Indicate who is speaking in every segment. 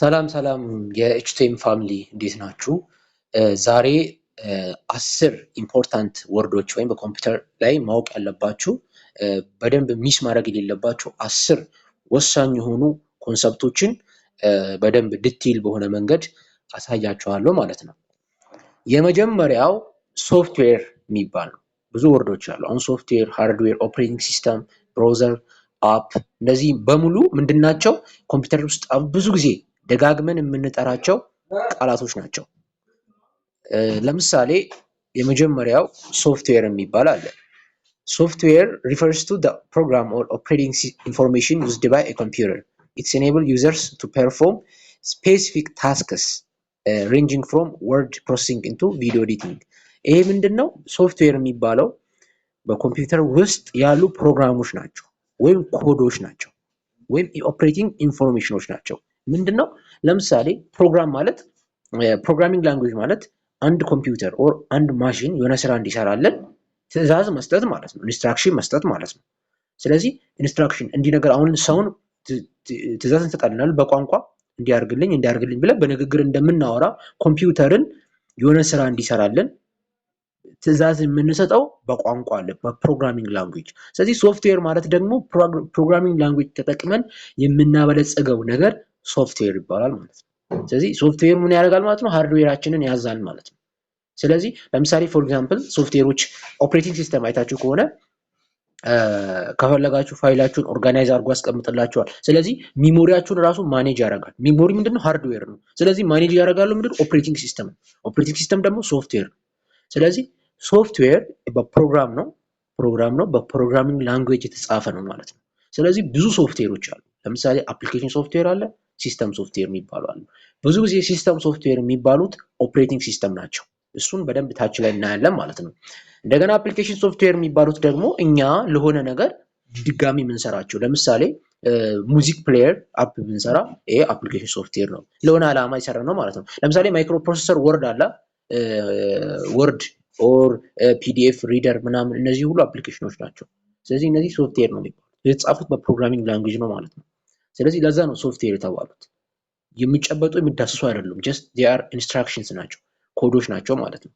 Speaker 1: ሰላም ሰላም የኤችቲኤም ፋሚሊ እንዴት ናችሁ? ዛሬ አስር ኢምፖርታንት ወርዶች ወይም በኮምፒውተር ላይ ማወቅ ያለባችሁ በደንብ ሚስ ማድረግ የሌለባችሁ አስር ወሳኝ የሆኑ ኮንሰፕቶችን በደንብ ድቲል በሆነ መንገድ አሳያችኋለሁ ማለት ነው። የመጀመሪያው ሶፍትዌር የሚባል ነው። ብዙ ወርዶች አሉ። አሁን ሶፍትዌር፣ ሃርድዌር፣ ኦፕሬቲንግ ሲስተም፣ ብሮዘር፣ አፕ እነዚህ በሙሉ ምንድን ናቸው? ኮምፒውተር ውስጥ ብዙ ጊዜ ደጋግመን የምንጠራቸው ቃላቶች ናቸው። ለምሳሌ የመጀመሪያው ሶፍትዌር የሚባል አለ። ሶፍትዌር ሪፈርስ ቱ ፕሮግራም ኦር ኦፕሬቲንግ ኢንፎርሜሽን ዩዝድ ባይ ኮምፒውተር ኢትስ ኢኔብል ዩዘርስ ቱ ፐርፎርም ስፔሲፊክ ታስክስ ሬንጂንግ ፍሮም ወርድ ፕሮሰሲንግ ኢንቱ ቪዲዮ ኤዲቲንግ ይሄ ምንድን ነው? ሶፍትዌር የሚባለው በኮምፒውተር ውስጥ ያሉ ፕሮግራሞች ናቸው ወይም ኮዶች ናቸው ወይም ኦፕሬቲንግ ኢንፎርሜሽኖች ናቸው። ምንድን ነው? ለምሳሌ ፕሮግራም ማለት ፕሮግራሚንግ ላንጉጅ ማለት አንድ ኮምፒውተር ኦር አንድ ማሽን የሆነ ስራ እንዲሰራለን ትዕዛዝ መስጠት ማለት ነው። ኢንስትራክሽን መስጠት ማለት ነው። ስለዚህ ኢንስትራክሽን እንዲህ ነገር አሁን ሰውን ትዕዛዝ እንሰጣልናል በቋንቋ እንዲያርግልኝ እንዲያርግልኝ ብለን በንግግር እንደምናወራ ኮምፒውተርን የሆነ ስራ እንዲሰራለን ትእዛዝ የምንሰጠው በቋንቋ አለ፣ በፕሮግራሚንግ ላንጉጅ። ስለዚህ ሶፍትዌር ማለት ደግሞ ፕሮግራሚንግ ላንጉጅ ተጠቅመን የምናበለጸገው ነገር ሶፍትዌር ይባላል ማለት ነው። ስለዚህ ሶፍትዌር ምን ያደርጋል ማለት ነው? ሃርድዌራችንን ያዛል ማለት ነው። ስለዚህ ለምሳሌ ፎር ኤግዛምፕል ሶፍትዌሮች ኦፕሬቲንግ ሲስተም አይታችሁ ከሆነ ከፈለጋችሁ ፋይላችሁን ኦርጋናይዝ አድርጎ ያስቀምጥላችኋል። ስለዚህ ሚሞሪያችሁን ራሱ ማኔጅ ያደርጋል። ሚሞሪ ምንድነው? ሃርድዌር ነው። ስለዚህ ማኔጅ ያደርጋሉ ምንድነው? ኦፕሬቲንግ ሲስተም ነው። ኦፕሬቲንግ ሲስተም ደግሞ ሶፍትዌር ነው። ስለዚህ ሶፍትዌር በፕሮግራም ነው ፕሮግራም ነው በፕሮግራሚንግ ላንጉዌጅ የተጻፈ ነው ማለት ነው። ስለዚህ ብዙ ሶፍትዌሮች አሉ። ለምሳሌ አፕሊኬሽን ሶፍትዌር አለ፣ ሲስተም ሶፍትዌር የሚባሉ አሉ። ብዙ ጊዜ ሲስተም ሶፍትዌር የሚባሉት ኦፕሬቲንግ ሲስተም ናቸው። እሱን በደንብ ታች ላይ እናያለን ማለት ነው። እንደገና አፕሊኬሽን ሶፍትዌር የሚባሉት ደግሞ እኛ ለሆነ ነገር ድጋሚ የምንሰራቸው ለምሳሌ ሙዚክ ፕሌየር አፕ ብንሰራ ይሄ አፕሊኬሽን ሶፍትዌር ነው። ለሆነ ዓላማ የሰራ ነው ማለት ነው። ለምሳሌ ማይክሮፕሮሰሰር ወርድ አለ ወርድ ኦር ፒዲኤፍ ሪደር ምናምን እነዚህ ሁሉ አፕሊኬሽኖች ናቸው። ስለዚህ እነዚህ ሶፍትዌር ነው የሚባሉት፣ የተጻፉት በፕሮግራሚንግ ላንጉጅ ነው ማለት ነው። ስለዚህ ለዛ ነው ሶፍትዌር የተባሉት። የሚጨበጡ የሚዳስሱ አይደሉም። ጀስት ዚአር ኢንስትራክሽንስ ናቸው፣ ኮዶች ናቸው ማለት ነው።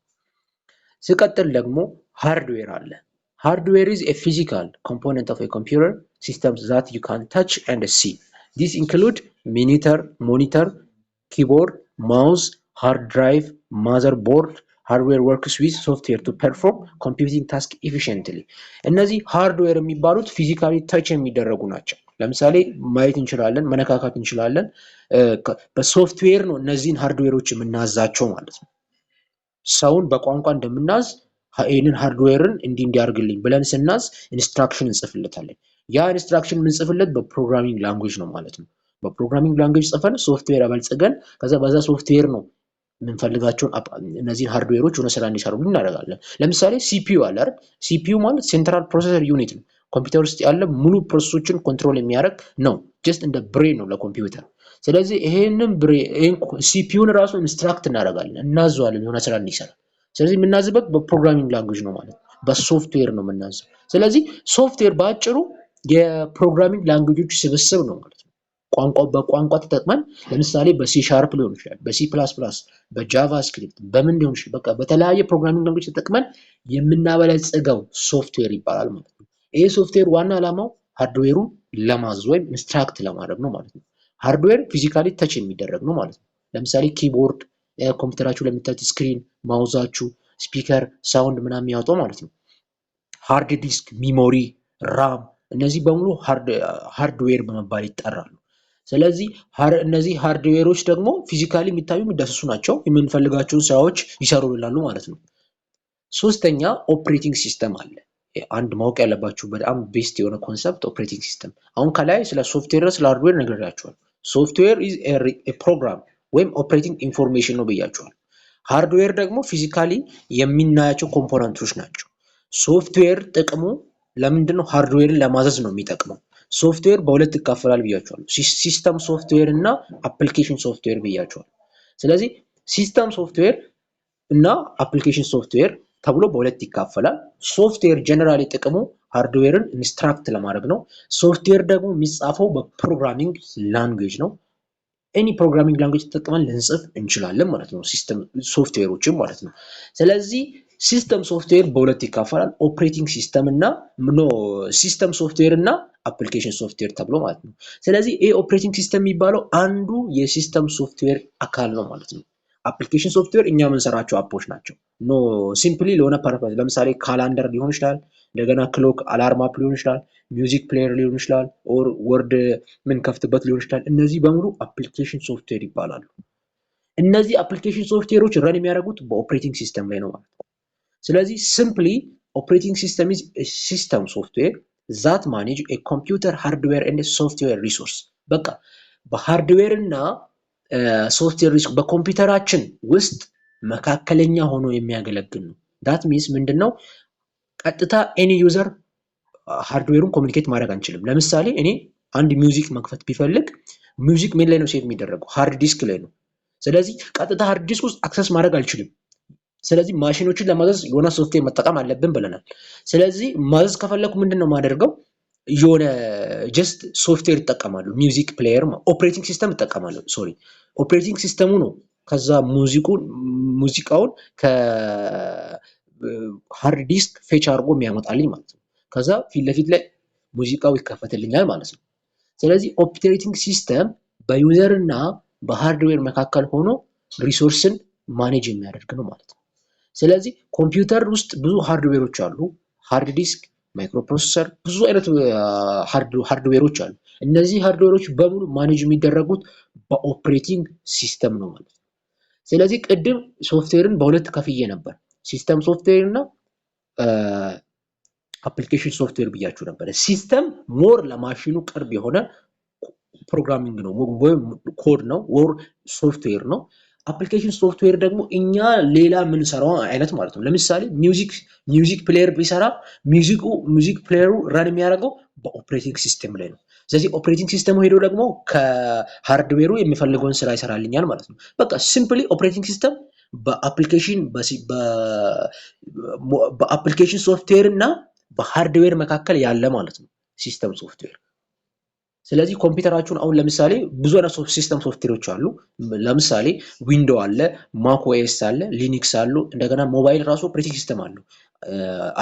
Speaker 1: ስቀጥል ደግሞ ሃርድዌር አለ። ሃርድዌር ኢዝ ኤ ፊዚካል ኮምፖነንት ኦፍ ኤ ኮምፒውተር ሲስተም ዛት ዩ ካን ታች ኤንድ ሲ ዲስ ኢንክሉድ ሚኒተር፣ ሞኒተር፣ ኪቦርድ፣ ማውስ፣ ሃርድ ድራይቭ፣ ማዘር ቦርድ ሃርድዌር ወርክስ ዊዝ ሶፍትዌር ቱ ፐርፎርም ኮምፒውቲንግ ታስክ ኤፊሽንትሊ እነዚህ ሃርድዌር የሚባሉት ፊዚካሊ ተች የሚደረጉ ናቸው። ለምሳሌ ማየት እንችላለን፣ መነካካት እንችላለን። በሶፍትዌር ነው እነዚህን ሃርድዌሮች የምናዛቸው ማለት ነው። ሰውን በቋንቋ እንደምናዝ ይህንን ሃርድዌርን እንዲህ እንዲያርግልኝ ብለን ስናዝ ኢንስትራክሽን እንጽፍለታለን። ያ ኢንስትራክሽን የምንጽፍለት በፕሮግራሚንግ ላንጉጅ ነው ማለት ነው። በፕሮግራሚንግ ላንጉጅ ጽፈን ሶፍትዌር አበልጽገን ከዛ በዛ ሶፍትዌር ነው የምንፈልጋቸውን እነዚህን ሃርድዌሮች ሆነ ስራ እንዲሰሩ እናደርጋለን። ለምሳሌ ሲፒዩ አለ አይደል? ሲፒዩ ማለት ሴንትራል ፕሮሰሰር ዩኒት ነው። ኮምፒውተር ውስጥ ያለ ሙሉ ፕሮሰሶችን ኮንትሮል የሚያደርግ ነው። ጀስት እንደ ብሬን ነው ለኮምፒውተር። ስለዚህ ይሄንን ሲፒዩን ራሱ ኢንስትራክት እናደርጋለን፣ እናዘዋለን የሆነ ስራ እንዲሰራ። ስለዚህ የምናዝበት በፕሮግራሚንግ ላንጉጅ ነው ማለት በሶፍትዌር ነው የምናዘው። ስለዚህ ሶፍትዌር በአጭሩ የፕሮግራሚንግ ላንጉጆች ስብስብ ነው ማለት ነው። ቋንቋ በቋንቋ ተጠቅመን ለምሳሌ በሲ ሻርፕ ሊሆን ይችላል፣ በሲ ፕላስ ፕላስ፣ በጃቫ በምን ሊሆን ይችላል። በቃ በተለያየ ፕሮግራሚንግ ላንጉጅ ተጠቅመን የምናበለጽገው ሶፍትዌር ይባላል ማለት ነው። ይሄ ሶፍትዌር ዋና ዓላማው ሃርድዌሩን ለማዘዝ ወይም ኢንስትራክት ለማድረግ ነው ማለት ነው። ሃርድዌር ፊዚካሊ ተች የሚደረግ ነው ማለት ነው። ለምሳሌ ኪቦርድ፣ ኮምፒውተራችሁ ለምታዩት ስክሪን፣ ማውዛችሁ፣ ስፒከር፣ ሳውንድ ምናምን የሚያወጣው ማለት ነው። ሃርድ ዲስክ፣ ሚሞሪ፣ ራም እነዚህ በሙሉ ሃርድዌር በመባል ይጠራሉ። ስለዚህ እነዚህ ሃርድዌሮች ደግሞ ፊዚካሊ የሚታዩ የሚዳሰሱ ናቸው። የምንፈልጋቸውን ስራዎች ይሰሩልናሉ ማለት ነው። ሶስተኛ ኦፕሬቲንግ ሲስተም አለ። አንድ ማወቅ ያለባችሁ በጣም ቤስት የሆነ ኮንሰፕት ኦፕሬቲንግ ሲስተም። አሁን ከላይ ስለ ሶፍትዌር ስለ ሃርድዌር ነግሬያችኋል። ሶፍትዌር ኢዝ ፕሮግራም ወይም ኦፕሬቲንግ ኢንፎርሜሽን ነው ብያችኋል። ሃርድዌር ደግሞ ፊዚካሊ የሚናያቸው ኮምፖነንቶች ናቸው። ሶፍትዌር ጥቅሙ ለምንድን ነው? ሃርድዌርን ለማዘዝ ነው የሚጠቅመው። ሶፍትዌር በሁለት ይካፈላል ብያቸዋል። ሲስተም ሶፍትዌር እና አፕሊኬሽን ሶፍትዌር ብያቸዋል። ስለዚህ ሲስተም ሶፍትዌር እና አፕሊኬሽን ሶፍትዌር ተብሎ በሁለት ይካፈላል። ሶፍትዌር ጀነራሊ ጥቅሙ ሃርድዌርን ኢንስትራክት ለማድረግ ነው። ሶፍትዌር ደግሞ የሚጻፈው በፕሮግራሚንግ ላንጉጅ ነው። ኤኒ ፕሮግራሚንግ ላንጉጅ ተጠቅመን ልንጽፍ እንችላለን ማለት ነው። ሲስተም ሶፍትዌሮችም ማለት ነው። ስለዚህ ሲስተም ሶፍትዌር በሁለት ይካፈላል። ኦፕሬቲንግ ሲስተም እና ኖ ሲስተም ሶፍትዌር እና አፕሊኬሽን ሶፍትዌር ተብሎ ማለት ነው። ስለዚህ ይሄ ኦፕሬቲንግ ሲስተም የሚባለው አንዱ የሲስተም ሶፍትዌር አካል ነው ማለት ነው። አፕሊኬሽን ሶፍትዌር እኛ የምንሰራቸው አፖች ናቸው። ኖ ሲምፕሊ ለሆነ ፐርፐዝ፣ ለምሳሌ ካላንደር ሊሆን ይችላል፣ እንደገና ክሎክ አላርም አፕ ሊሆን ይችላል፣ ሚውዚክ ፕሌየር ሊሆን ይችላል፣ ኦር ወርድ የምንከፍትበት ሊሆን ይችላል። እነዚህ በሙሉ አፕሊኬሽን ሶፍትዌር ይባላሉ። እነዚህ አፕሊኬሽን ሶፍትዌሮች ረን የሚያደርጉት በኦፕሬቲንግ ሲስተም ላይ ነው ማለት ነው። ስለዚህ ሲምፕሊ ኦፕሬቲንግ ሲስተም ኢዝ ሲስተም ሶፍትዌር ዛት ማኔጅ ኮምፒውተር ሃርድዌር ኤንድ ሶፍትዌር ሪሶርስ። በቃ በሃርድዌር እና ሶፍትዌር ሪሶርስ በኮምፒውተራችን ውስጥ መካከለኛ ሆኖ የሚያገለግል ነው። ዳት ሚንስ ምንድን ነው? ቀጥታ ኤኒ ዩዘር ሃርድዌሩን ኮሚኒኬት ማድረግ አንችልም። ለምሳሌ እኔ አንድ ሚውዚክ መክፈት ቢፈልግ ሚውዚክ ምን ላይ ነው ሴቭ የሚደረገው? ሃርድ ዲስክ ላይ ነው። ስለዚህ ቀጥታ ሃርድ ዲስክ ውስጥ አክሰስ ማድረግ አልችልም። ስለዚህ ማሽኖችን ለማዘዝ የሆነ ሶፍትዌር መጠቀም አለብን ብለናል። ስለዚህ ማዘዝ ከፈለኩ ምንድን ነው የማደርገው? የሆነ ጀስት ሶፍትዌር ይጠቀማሉ። ሚውዚክ ፕሌየር፣ ኦፕሬቲንግ ሲስተም ይጠቀማሉ። ሶሪ ኦፕሬቲንግ ሲስተሙ ነው ከዛ ሙዚቁን ሙዚቃውን ከሃርድ ዲስክ ፌች አድርጎ የሚያመጣልኝ ማለት ነው። ከዛ ፊት ለፊት ላይ ሙዚቃው ይከፈትልኛል ማለት ነው። ስለዚህ ኦፕሬቲንግ ሲስተም በዩዘር እና በሃርድዌር መካከል ሆኖ ሪሶርስን ማኔጅ የሚያደርግ ነው ማለት ነው። ስለዚህ ኮምፒውተር ውስጥ ብዙ ሃርድዌሮች አሉ። ሃርድ ዲስክ፣ ማይክሮፕሮሰሰር ብዙ አይነት ሃርድዌሮች አሉ። እነዚህ ሃርድዌሮች በሙሉ ማኔጅ የሚደረጉት በኦፕሬቲንግ ሲስተም ነው ማለት ነው። ስለዚህ ቅድም ሶፍትዌርን በሁለት ከፍዬ ነበር። ሲስተም ሶፍትዌር እና አፕሊኬሽን ሶፍትዌር ብያችሁ ነበር። ሲስተም ሞር ለማሽኑ ቅርብ የሆነ ፕሮግራሚንግ ነው ወይም ኮድ ነው ወር ሶፍትዌር ነው። አፕሊኬሽን ሶፍትዌር ደግሞ እኛ ሌላ የምንሰራው አይነት ማለት ነው። ለምሳሌ ሚውዚክ ሚውዚክ ፕሌየር ቢሰራ ሚውዚቁ ሚውዚክ ፕሌየሩ ረን የሚያደርገው በኦፕሬቲንግ ሲስተም ላይ ነው። ስለዚህ ኦፕሬቲንግ ሲስተሙ ሄዶ ደግሞ ከሃርድዌሩ የሚፈልገውን ስራ ይሰራልኛል ማለት ነው። በቃ ሲምፕሊ ኦፕሬቲንግ ሲስተም በአፕሊኬሽን በአፕሊኬሽን ሶፍትዌር እና በሃርድዌር መካከል ያለ ማለት ነው ሲስተም ሶፍትዌር ስለዚህ ኮምፒውተራችሁን አሁን ለምሳሌ ብዙ አይነት ሲስተም ሶፍትዌሮች አሉ። ለምሳሌ ዊንዶው አለ፣ ማክ ኦኤስ አለ፣ ሊኒክስ አሉ። እንደገና ሞባይል ራሱ ኦፕሬቲንግ ሲስተም አሉ።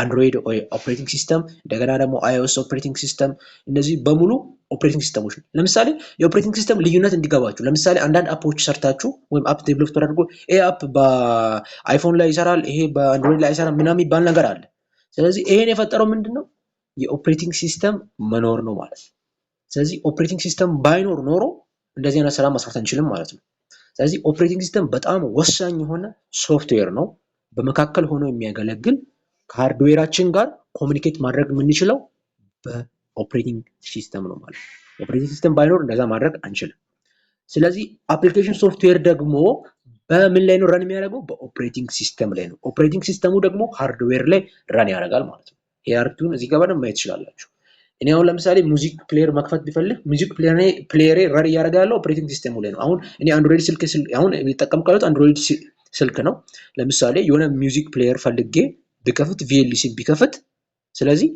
Speaker 1: አንድሮይድ ኦፕሬቲንግ ሲስተም፣ እንደገና ደግሞ አይኦኤስ ኦፕሬቲንግ ሲስተም። እነዚህ በሙሉ ኦፕሬቲንግ ሲስተሞች ነው። ለምሳሌ የኦፕሬቲንግ ሲስተም ልዩነት እንዲገባችሁ፣ ለምሳሌ አንዳንድ አፖች ሰርታችሁ ወይም አፕ ዴቨሎፕ ተደርጎ ይሄ አፕ በአይፎን ላይ ይሰራል፣ ይሄ በአንድሮይድ ላይ ይሰራል ምናምን የሚባል ነገር አለ። ስለዚህ ይሄን የፈጠረው ምንድን ነው የኦፕሬቲንግ ሲስተም መኖር ነው ማለት ነው። ስለዚህ ኦፕሬቲንግ ሲስተም ባይኖር ኖሮ እንደዚህ አይነት ስራ መስራት አንችልም ማለት ነው። ስለዚህ ኦፕሬቲንግ ሲስተም በጣም ወሳኝ የሆነ ሶፍትዌር ነው። በመካከል ሆኖ የሚያገለግል ከሃርድዌራችን ጋር ኮሚኒኬት ማድረግ የምንችለው በኦፕሬቲንግ ሲስተም ነው ማለት ነው። ኦፕሬቲንግ ሲስተም ባይኖር እንደዛ ማድረግ አንችልም። ስለዚህ አፕሊኬሽን ሶፍትዌር ደግሞ በምን ላይ ነው ረን የሚያደርገው? በኦፕሬቲንግ ሲስተም ላይ ነው። ኦፕሬቲንግ ሲስተሙ ደግሞ ሃርድዌር ላይ ረን ያደርጋል ማለት ነው። ሂራርኪውን እዚህ ጋር በደንብ ማየት ትችላላችሁ። እኔ አሁን ለምሳሌ ሙዚክ ፕሌየር መክፈት ቢፈልግ ሙዚክ ፕሌየሬ ረር እያደረገ ያለው ኦፕሬቲንግ ሲስተሙ ላይ ነው። አሁን እኔ አንድሮይድ ስልክ አሁን የሚጠቀም አንድሮይድ ስልክ ነው። ለምሳሌ የሆነ ሚዚክ ፕሌየር ፈልጌ ቢከፍት ቪኤልሲ ቢከፍት፣ ስለዚህ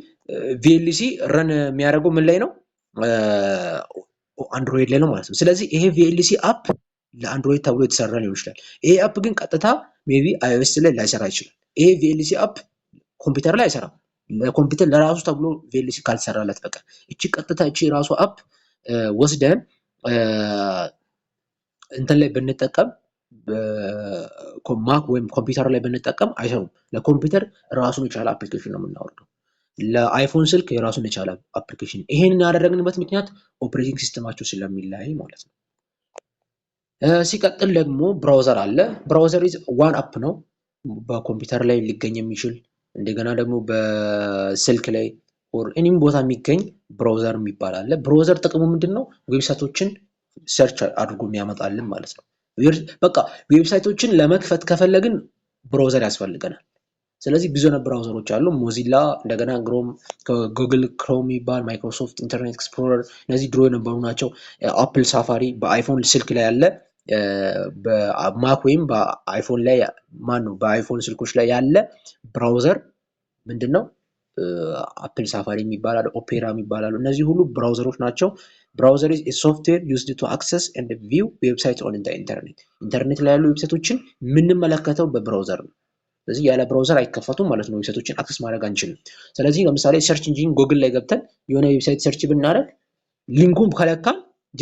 Speaker 1: ቪኤልሲ ረን የሚያደርገው ምን ላይ ነው? አንድሮይድ ላይ ነው ማለት ነው። ስለዚህ ይሄ ቪኤልሲ አፕ ለአንድሮይድ ተብሎ የተሰራ ሊሆን ይችላል። ይሄ አፕ ግን ቀጥታ ሜይ ቢ አይኦኤስ ላይ ላይሰራ ይችላል። ይሄ ቪኤልሲ አፕ ኮምፒውተር ላይ አይሰራም። ለኮምፒውተር ለራሱ ተብሎ ቬሊሲ ካልሰራለት በቀር እቺ ቀጥታ እቺ ራሱ አፕ ወስደን እንትን ላይ ብንጠቀም ማክ ወይም ኮምፒውተር ላይ ብንጠቀም አይሰሩም። ለኮምፒውተር ራሱን የቻለ አፕሊኬሽን ነው የምናወርደው። ለአይፎን ስልክ የራሱን የቻለ አፕሊኬሽን። ይሄንን ያደረግንበት ምክንያት ኦፕሬቲንግ ሲስተማቸው ስለሚለያይ ማለት ነው። ሲቀጥል ደግሞ ብራውዘር አለ። ብራውዘር ዋን አፕ ነው በኮምፒውተር ላይ ሊገኝ የሚችል እንደገና ደግሞ በስልክ ላይ ኦር እኔም ቦታ የሚገኝ ብራውዘር የሚባል አለ። ብራውዘር ጥቅሙ ምንድን ነው? ዌብሳይቶችን ሰርች አድርጎ የሚያመጣልን ማለት ነው። በቃ ዌብሳይቶችን ለመክፈት ከፈለግን ብራውዘር ያስፈልገናል። ስለዚህ ብዙ አይነት ብራውዘሮች አሉ። ሞዚላ፣ እንደገና ግሮም፣ ጉግል ክሮም የሚባል ማይክሮሶፍት ኢንተርኔት ኤክስፕሎረር፣ እነዚህ ድሮ የነበሩ ናቸው። አፕል ሳፋሪ በአይፎን ስልክ ላይ ያለ በማክ ወይም በአይፎን ላይ ነው በአይፎን ስልኮች ላይ ያለ ብራውዘር ምንድን ነው? አፕል ሳፋሪ የሚባል ኦፔራ የሚባላሉ እነዚህ ሁሉ ብራውዘሮች ናቸው። ብራውዘር ኢዝ ሶፍትዌር ዩዝድ ቱ አክሰስ ኤንድ ቪው ዌብሳይት ኦን ኢንተርኔት። ኢንተርኔት ላይ ያሉ ዌብሳይቶችን የምንመለከተው በብራውዘር ነው። ስለዚህ ያለ ብራውዘር አይከፈቱም ማለት ነው። ዌብሳይቶችን አክሰስ ማድረግ አንችልም። ስለዚህ ለምሳሌ ሰርች ኢንጂን ጎግል ላይ ገብተን የሆነ ዌብሳይት ሰርች ብናደርግ ሊንኩን ከለካ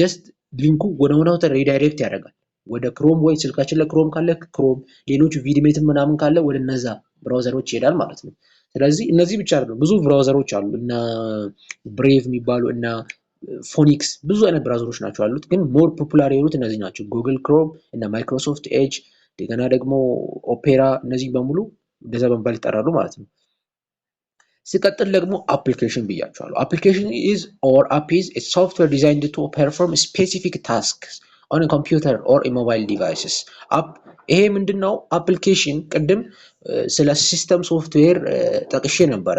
Speaker 1: ጀስት ሊንኩ ወደ ሆነ ሪዳይሬክት ያደርጋል ወደ ክሮም ወይ ስልካችን ላይ ክሮም ካለ ክሮም፣ ሌሎች ቪድሜትም ምናምን ካለ ወደ እነዛ ብራውዘሮች ይሄዳል ማለት ነው። ስለዚህ እነዚህ ብቻ አይደሉም፣ ብዙ ብራውዘሮች አሉ እና ብሬቭ የሚባሉ እና ፎኒክስ ብዙ አይነት ብራውዘሮች ናቸው አሉት። ግን ሞር ፖፑላር የሆኑት እነዚህ ናቸው፣ ጉግል ክሮም እና ማይክሮሶፍት ኤጅ፣ እንደገና ደግሞ ኦፔራ። እነዚህ በሙሉ እንደዛ በመባል ይጠራሉ ማለት ነው። ሲቀጥል ደግሞ አፕሊኬሽን ብያቸዋለሁ። አፕሊኬሽን ኢዝ ኦር አፕ ኢዝ ሶፍትዌር ዲዛይንድ ቱ ፐርፎርም ስፔሲፊክ ታስክ ኦን ኮምፒውተር ኦር ሞባይል ዲቫይስስ። ይሄ ምንድን ነው? አፕሊኬሽን ቅድም ስለ ሲስተም ሶፍትዌር ጠቅሼ ነበረ።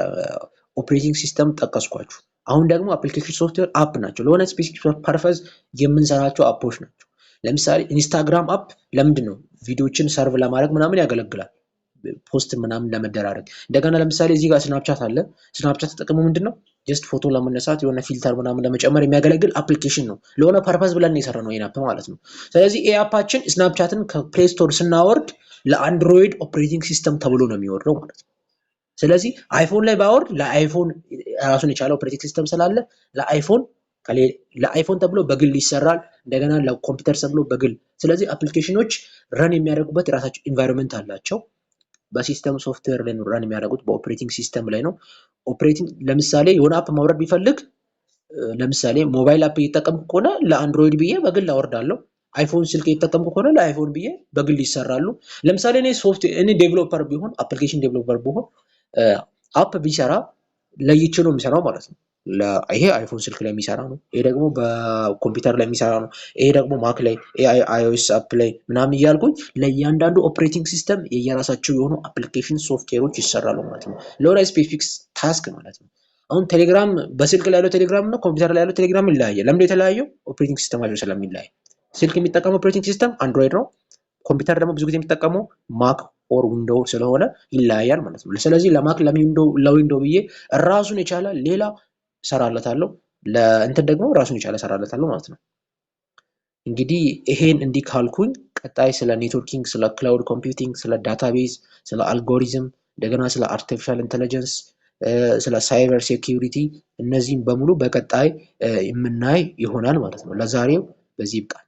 Speaker 1: ኦፕሬቲንግ ሲስተም ጠቀስኳችሁ። አሁን ደግሞ አፕሊኬሽን ሶፍትዌር አፕ ናቸው። ለሆነ ስፔሲፊክ ፐርፐዝ የምንሰራቸው አፖች ናቸው። ለምሳሌ ኢንስታግራም አፕ ለምንድን ነው? ቪዲዮችን ሰርቭ ለማድረግ ምናምን ያገለግላል። ፖስት ምናምን ለመደራረግ እንደገና ለምሳሌ እዚህ ጋር ስናፕቻት አለ። ስናፕቻት ተጠቅሙ ምንድን ነው? ጀስት ፎቶ ለመነሳት የሆነ ፊልተር ምናምን ለመጨመር የሚያገለግል አፕሊኬሽን ነው። ለሆነ ፐርፐዝ ብለን የሰራ ነው ኤን ማለት ነው። ስለዚህ ኤ አፓችን ስናፕቻትን ከፕሌስቶር ስናወርድ ለአንድሮይድ ኦፕሬቲንግ ሲስተም ተብሎ ነው የሚወርደው ማለት ነው። ስለዚህ አይፎን ላይ ባወርድ ለአይፎን ራሱን የቻለ ኦፕሬቲንግ ሲስተም ስላለ ለአይፎን ለአይፎን ተብሎ በግል ይሰራል። እንደገና ለኮምፒውተር ተብሎ በግል ስለዚህ አፕሊኬሽኖች ረን የሚያደርጉበት የራሳቸው ኢንቫይሮንመንት አላቸው። በሲስተም ሶፍትዌር ላይ ኑራን የሚያደርጉት በኦፕሬቲንግ ሲስተም ላይ ነው። ኦፕሬቲንግ ለምሳሌ የሆነ አፕ ማውረድ ቢፈልግ ለምሳሌ ሞባይል አፕ እየጠቀምኩ ከሆነ ለአንድሮይድ ብዬ በግል አወርዳለሁ። አይፎን ስልክ እየተጠቀምኩ ከሆነ ለአይፎን ብዬ በግል ይሰራሉ። ለምሳሌ እኔ ሶፍት እኔ ዴቨሎፐር ቢሆን አፕሊኬሽን ዴቨሎፐር ቢሆን አፕ ቢሰራ ለይቼ ነው የሚሰራው ማለት ነው። ይሄ አይፎን ስልክ ላይ የሚሰራ ነው። ይሄ ደግሞ በኮምፒውተር ላይ የሚሰራ ነው። ይሄ ደግሞ ማክ ላይ አይኦኤስ አፕ ላይ ምናምን እያልኩኝ ለእያንዳንዱ ኦፕሬቲንግ ሲስተም የየራሳቸው የሆኑ አፕሊኬሽን ሶፍትዌሮች ይሰራሉ ማለት ነው። ለሆነ ስፔሲፊክ ታስክ ማለት ነው። አሁን ቴሌግራም በስልክ ላይ ያለው ቴሌግራም እና ኮምፒውተር ላይ ያለው ቴሌግራም ይለያየ። ለምንድ የተለያየው? ኦፕሬቲንግ ሲስተማቸው ስለሚለያይ። ስልክ የሚጠቀመው ኦፕሬቲንግ ሲስተም አንድሮይድ ነው። ኮምፒውተር ደግሞ ብዙ ጊዜ የሚጠቀመው ማክ ኦር ዊንዶ ስለሆነ ይለያያል ማለት ነው። ስለዚህ ለማክ ለዊንዶ ብዬ ራሱን የቻለ ሌላ እሰራለታለሁ። ለእንትን ደግሞ ራሱን የቻለ ሰራለታለው ማለት ነው። እንግዲህ ይሄን እንዲህ ካልኩኝ ቀጣይ ስለ ኔትወርኪንግ፣ ስለ ክላውድ ኮምፒውቲንግ፣ ስለ ዳታቤዝ፣ ስለ አልጎሪዝም እንደገና ስለ አርቲፊሻል ኢንቴሊጀንስ፣ ስለ ሳይበር ሴኩሪቲ እነዚህም በሙሉ በቀጣይ የምናይ ይሆናል ማለት ነው። ለዛሬው በዚህ ይብቃል።